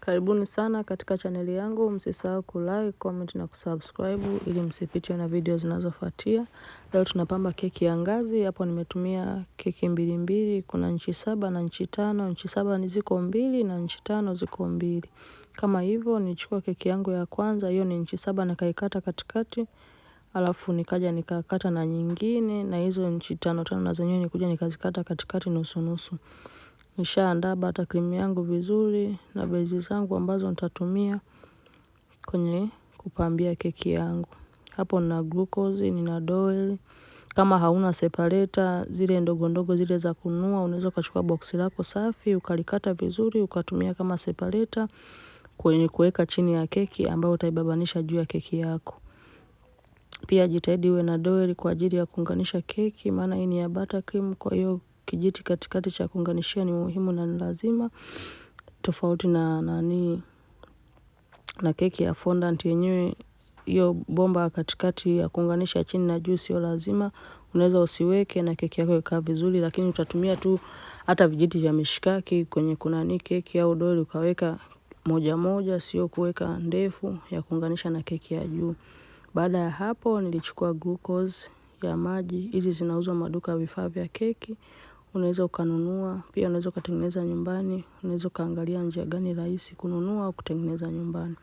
Karibuni sana katika chaneli yangu, msisahau like, comment na kusubscribe ili msipitwe na video zinazofuatia. Leo tunapamba keki ya ngazi, hapo nimetumia keki mbili mbili, kuna nchi saba na nchi tano, nchi saba ni ziko mbili na nchi tano ziko mbili. Kama hivyo nilichukua keki yangu ya kwanza, hiyo ni nchi saba nikaikata katikati, alafu nikaja nikakata na nyingine na hizo nchi tano tano na zenyewe nikuja nikazikata katikati nusu nusu nishaandaa bata cream yangu vizuri na bezi zangu ambazo nitatumia kwenye kupambia keki yangu. Hapo nina glucose, nina dowel, kama hauna separator, zile ndogo ndogo zile za kunua, unaweza ukachukua boksi lako safi, ukalikata vizuri, ukatumia kama separator, kwenye kuweka chini ya keki ambayo utaibabanisha juu ya keki yako. Pia jitahidi uwe na dowel kwa ajili ya kuunganisha keki, maana hii ni ya buttercream kwa hiyo kijiti katikati cha kuunganishia ni muhimu na ni lazima, tofauti na nani na keki ya fondant yenyewe. Hiyo bomba katikati ya kuunganisha chini na juu sio lazima, unaweza usiweke na keki yako ikaa vizuri, lakini utatumia tu hata vijiti vya mishikaki kwenye kunani keki au doli ukaweka moja moja, sio kuweka ndefu ya kuunganisha na keki ya juu. Baada ya hapo nilichukua glucose ya maji, hizi zinauzwa maduka ya vifaa vya keki unaweza ukanunua, pia unaweza ukatengeneza nyumbani, unaweza ukaangalia njia gani rahisi kununua au kutengeneza nyumbani.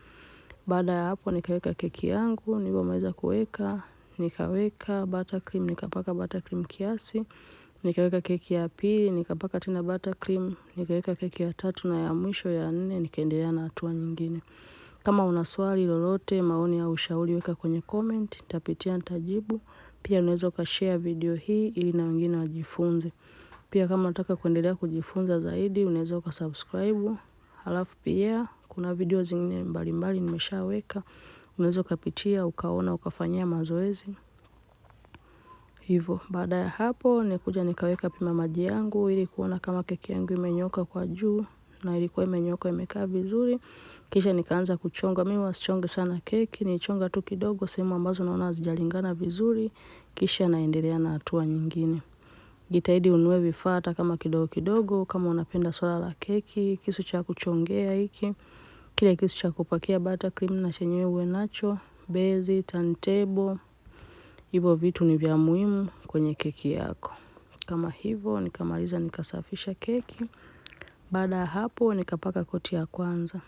Baada ya hapo nikaweka keki yangu, nilivyomaliza kuweka, nikaweka buttercream, nikapaka buttercream kiasi, nikaweka keki ya pili, nikapaka tena buttercream, nikaweka keki ya tatu na ya mwisho ya nne, nikaendelea na hatua nyingine. Kama una swali lolote maoni au ushauri weka kwenye comment, nitapitia nitajibu, pia unaweza ukashare video hii ili na wengine wajifunze. Pia kama unataka kuendelea kujifunza zaidi unaweza ukasubscribe. Halafu pia kuna video zingine mbalimbali nimeshaweka. Unaweza ukapitia, ukaona, ukafanyia mazoezi. hivyo. baada ya hapo nikuja nikaweka pima maji yangu ili kuona kama keki yangu imenyoka kwa juu na ilikuwa imenyoka imekaa vizuri. Kisha nikaanza kuchonga. Mimi wasichonge sana keki, nichonga tu kidogo sehemu ambazo naona hazijalingana vizuri. Kisha naendelea na hatua nyingine jitahidi unue vifaa hata kama kidogo kidogo, kama unapenda swala la keki, kisu cha kuchongea hiki, kile kisu cha kupakia buttercream na chenyewe uwe nacho, bezi, turntable, hivyo vitu ni vya muhimu kwenye keki yako. Kama hivyo nikamaliza nikasafisha keki. Baada ya hapo nikapaka koti ya kwanza.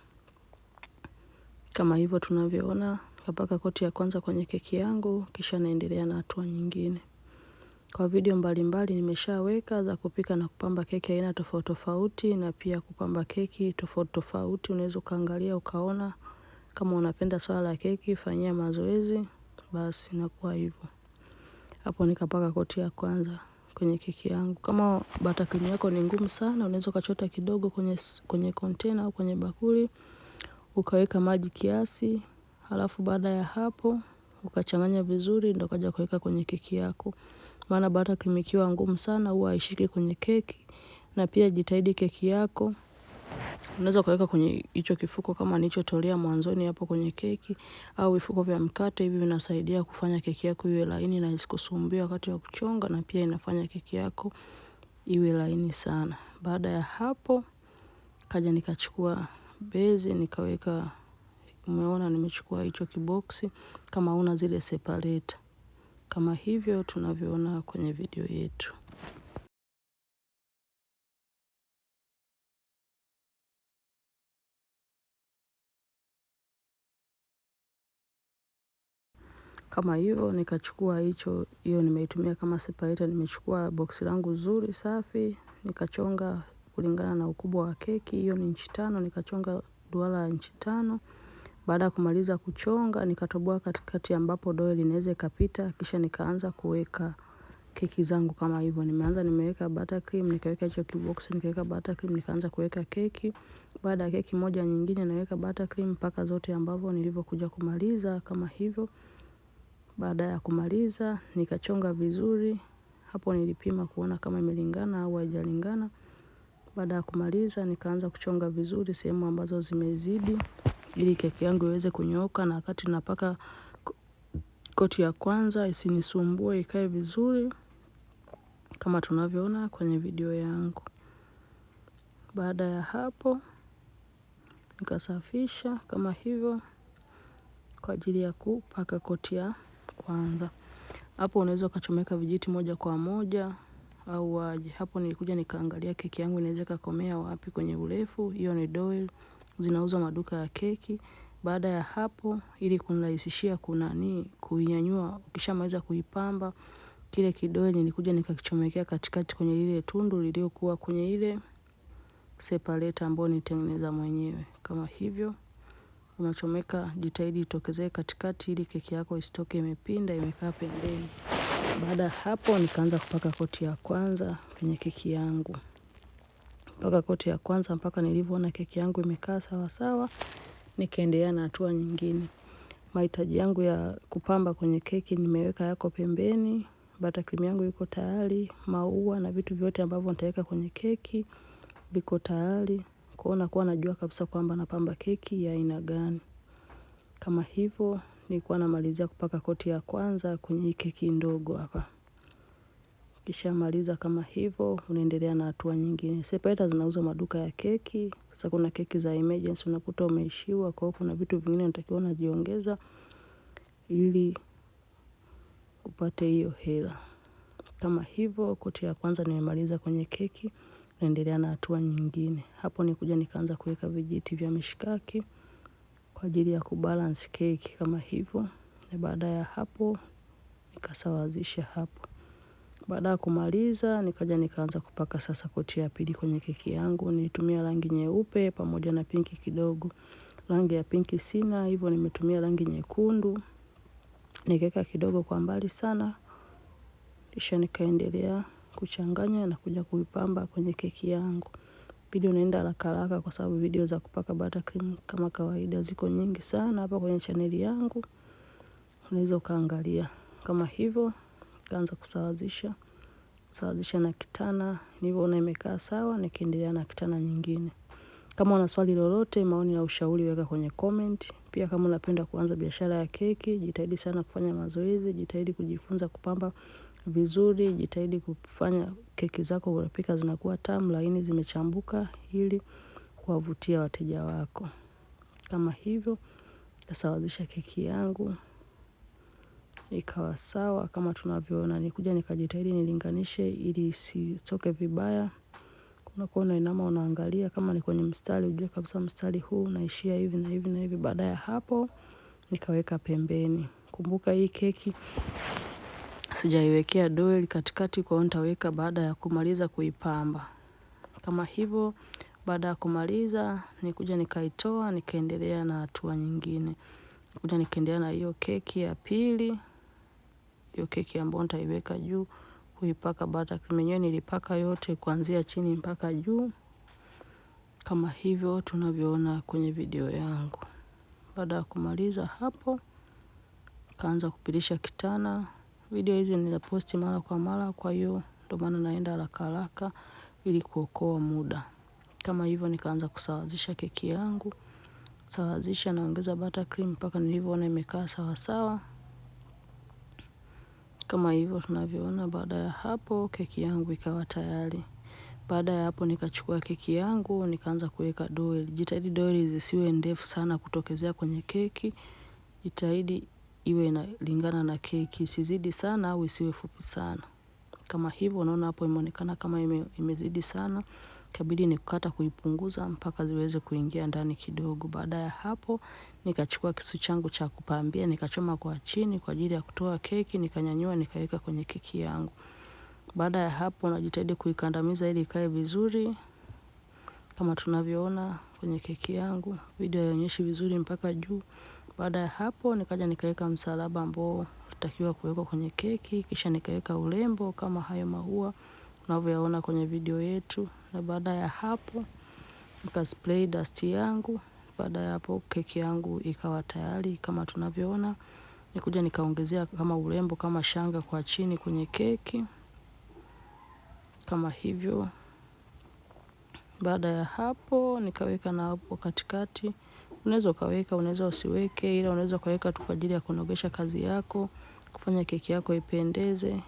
Kama hivyo tunavyoona, nikapaka koti ya kwanza kwenye keki yangu, kisha naendelea na hatua nyingine. Kwa video mbalimbali nimeshaweka za kupika na kupamba keki aina tofauti tofauti na pia kupamba keki tofauti tofauti. Unaweza ukaangalia ukaona kama unapenda swala la keki fanyia mazoezi basi inakuwa hivyo. Hapo nikapaka koti ya kwanza kwenye keki yangu. Kama bata yako ni ngumu sana unaweza ukachota kidogo kwenye container au kwenye bakuli ukaweka maji kiasi halafu baada ya hapo ukachanganya vizuri ndio kaja kuweka kwenye keki yako maana bata ikiwa ngumu sana huwa haishiki kwenye keki. Na pia jitahidi keki yako unaweza ukaweka kwenye hicho kifuko kama nilichotolea mwanzoni hapo kwenye keki au vifuko vya mkate hivi vinasaidia kufanya keki yako iwe laini na isikusumbie wakati wa kuchonga na pia inafanya keki yako iwe laini sana. Baada ya hapo kaja nikachukua bezi nikaweka umeona nimechukua hicho kiboksi kama una zile separator kama hivyo tunavyoona kwenye video yetu. Kama hivyo nikachukua hicho, hiyo nimeitumia kama separator. Nimechukua boksi langu zuri safi, nikachonga kulingana na ukubwa wa keki. Hiyo ni inchi tano, nikachonga duara ya inchi tano. Baada ya kumaliza kuchonga, nikatoboa katikati ambapo doe linaweza ikapita, kisha nikaanza kuweka keki zangu kama hivyo. Nimeanza nimeweka butter cream, nikaweka hicho kibox, nikaweka butter cream, nikaanza kuweka keki. Baada ya keki moja nyingine naweka butter cream mpaka zote ambavyo nilivyokuja kumaliza kama hivyo. Baada ya kumaliza, nikachonga vizuri. Hapo nilipima kuona kama imelingana au haijalingana. Baada ya kumaliza, nikaanza kuchonga vizuri sehemu ambazo zimezidi ili keki yangu iweze kunyooka na wakati napaka koti ya kwanza isinisumbue ikae vizuri kama tunavyoona kwenye video yangu. Baada ya hapo nikasafisha kama hivyo kwa ajili ya kupaka koti ya kwanza. Hapo unaweza ukachomeka vijiti moja kwa moja au waje. Hapo nilikuja nikaangalia keki yangu inaweza kakomea wapi kwenye urefu, hiyo ni doil zinauzwa maduka ya keki. Baada ya hapo, ili kunirahisishia kunani kuinyanyua, ukishamaliza kuipamba kile kidole nilikuja nikakichomekea katikati kwenye lile tundu liliokuwa kwenye ile separator ambayo nitengeneza mwenyewe. Kama hivyo unachomeka, jitahidi itokezee katikati ili keki yako isitoke imepinda imekaa pembeni. Baada ya hapo, nikaanza kupaka koti ya kwanza kwenye keki yangu mpaka koti ya kwanza mpaka nilivyoona keki yangu imekaa sawa sawa, nikaendelea na hatua nyingine. Mahitaji yangu ya kupamba kwenye keki nimeweka yako pembeni, buttercream yangu iko tayari, maua na vitu vyote ambavyo nitaweka kwenye keki viko tayari. Kwa hiyo nakuwa najua kabisa kwamba napamba keki ya aina gani. Kama hivyo nilikuwa namalizia kupaka koti ya kwanza kwenye keki ndogo hapa. Ukishamaliza kama hivyo, unaendelea na hatua nyingine. Separator zinauzwa maduka ya keki. Sasa kuna keki za emergency unakuta umeishiwa kwa hiyo kuna vitu vingine unatakiwa unajiongeza ili upate hiyo hela. Kama hivyo, koti ya kwanza nimemaliza kwenye keki, naendelea na hatua nyingine. Hapo ni kuja nikaanza kuweka vijiti vya mishikaki kwa ajili ya kubalance keki kama hivyo. Na baada ya hapo nikasawazisha hapo. Baada ya kumaliza, nikaja nikaanza kupaka sasa koti ya pili kwenye keki yangu. Nilitumia rangi nyeupe pamoja na pinki kidogo. Rangi ya pinki sina, hivyo nimetumia rangi nyekundu. Nikaweka kidogo kwa mbali sana. Kisha nikaendelea kuchanganya na kuja kuipamba kwenye keki yangu. Video inaenda haraka haraka kwa sababu video za kupaka buttercream kama kawaida ziko nyingi sana hapa kwenye chaneli yangu. Unaweza ukaangalia. Kama hivo nikaanza kusawazisha kusawazisha na kitana, nilivyoona imekaa sawa, nikaendelea na kitana nyingine. Kama una swali lolote, maoni na ushauri weka kwenye comment. Pia kama unapenda kuanza biashara ya keki, jitahidi sana kufanya mazoezi, jitahidi kujifunza kupamba vizuri, jitahidi kufanya keki zako unapika zinakuwa tamu, laini zimechambuka ili kuwavutia wateja wako. Kama hivyo, nasawazisha keki yangu ikawa sawa kama tunavyoona. Nikuja nikajitahidi nilinganishe ili isitoke vibaya. Unakuwa unainama unaangalia kama ni kwenye mstari ujue kabisa mstari huu unaishia hivi na hivi na hivi. Baada ya hapo nikaweka pembeni. Kumbuka hii keki sijaiwekea doili katikati kwa hiyo nitaweka baada ya kumaliza kuipamba. Kama hivyo. baada ya kumaliza nikuja nikaitoa nikaendelea na hatua nyingine. kuja nikaendelea na hiyo keki ya pili hiyo keki ambayo nitaiweka juu kuipaka butter cream yenyewe nilipaka yote kuanzia chini mpaka juu kama hivyo tunavyoona kwenye video yangu. Baada ya kumaliza hapo, kaanza kupilisha kitana. Video hizi ninaposti mara kwa mara, kwa hiyo ndio maana naenda haraka haraka ili kuokoa muda. Kama hivyo nikaanza kusawazisha keki yangu, sawazisha naongeza buttercream mpaka nilivyoona imekaa sawa sawa. Kama hivyo tunavyoona, baada ya hapo keki yangu ikawa tayari. Baada ya hapo nikachukua keki yangu nikaanza kuweka doil. Jitahidi doil zisiwe ndefu sana kutokezea kwenye keki. Jitahidi iwe inalingana na keki, isizidi sana au isiwe fupi sana. Kama hivyo unaona hapo imeonekana kama imezidi sana ikabidi nikukata kuipunguza mpaka ziweze kuingia ndani kidogo. Baada ya hapo, nikachukua kisu changu cha kupambia, nikachoma kwa chini kwa ajili ya kutoa keki, nikanyanyua, nikaweka kwenye keki yangu. Baada ya hapo, najitahidi kuikandamiza ili ikae vizuri kama tunavyoona kwenye keki yangu. Video haionyeshi vizuri mpaka juu. Baada ya hapo, nikaja nikaweka msalaba ambao ulitakiwa kuwekwa kwenye keki, kisha nikaweka urembo kama hayo maua unavyoyaona kwenye video yetu na baada ya hapo nikaspray dust yangu. Baada ya hapo keki yangu ikawa tayari kama tunavyoona. Nikuja nikaongezea kama urembo kama shanga kwa chini kwenye keki kama hivyo. Baada ya hapo nikaweka na hapo katikati, unaweza ukaweka, unaweza usiweke, ila unaweza ukaweka tu kwa ajili ya kunogesha kazi yako kufanya keki yako ipendeze,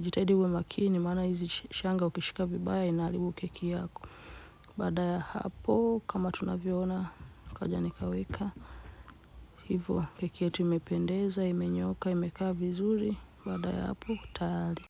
jitahidi uwe makini maana hizi shanga ukishika vibaya inaharibu keki yako. Baada ya hapo kama tunavyoona, kaja nikaweka hivyo, keki yetu imependeza, imenyoka imekaa vizuri. Baada ya hapo tayari.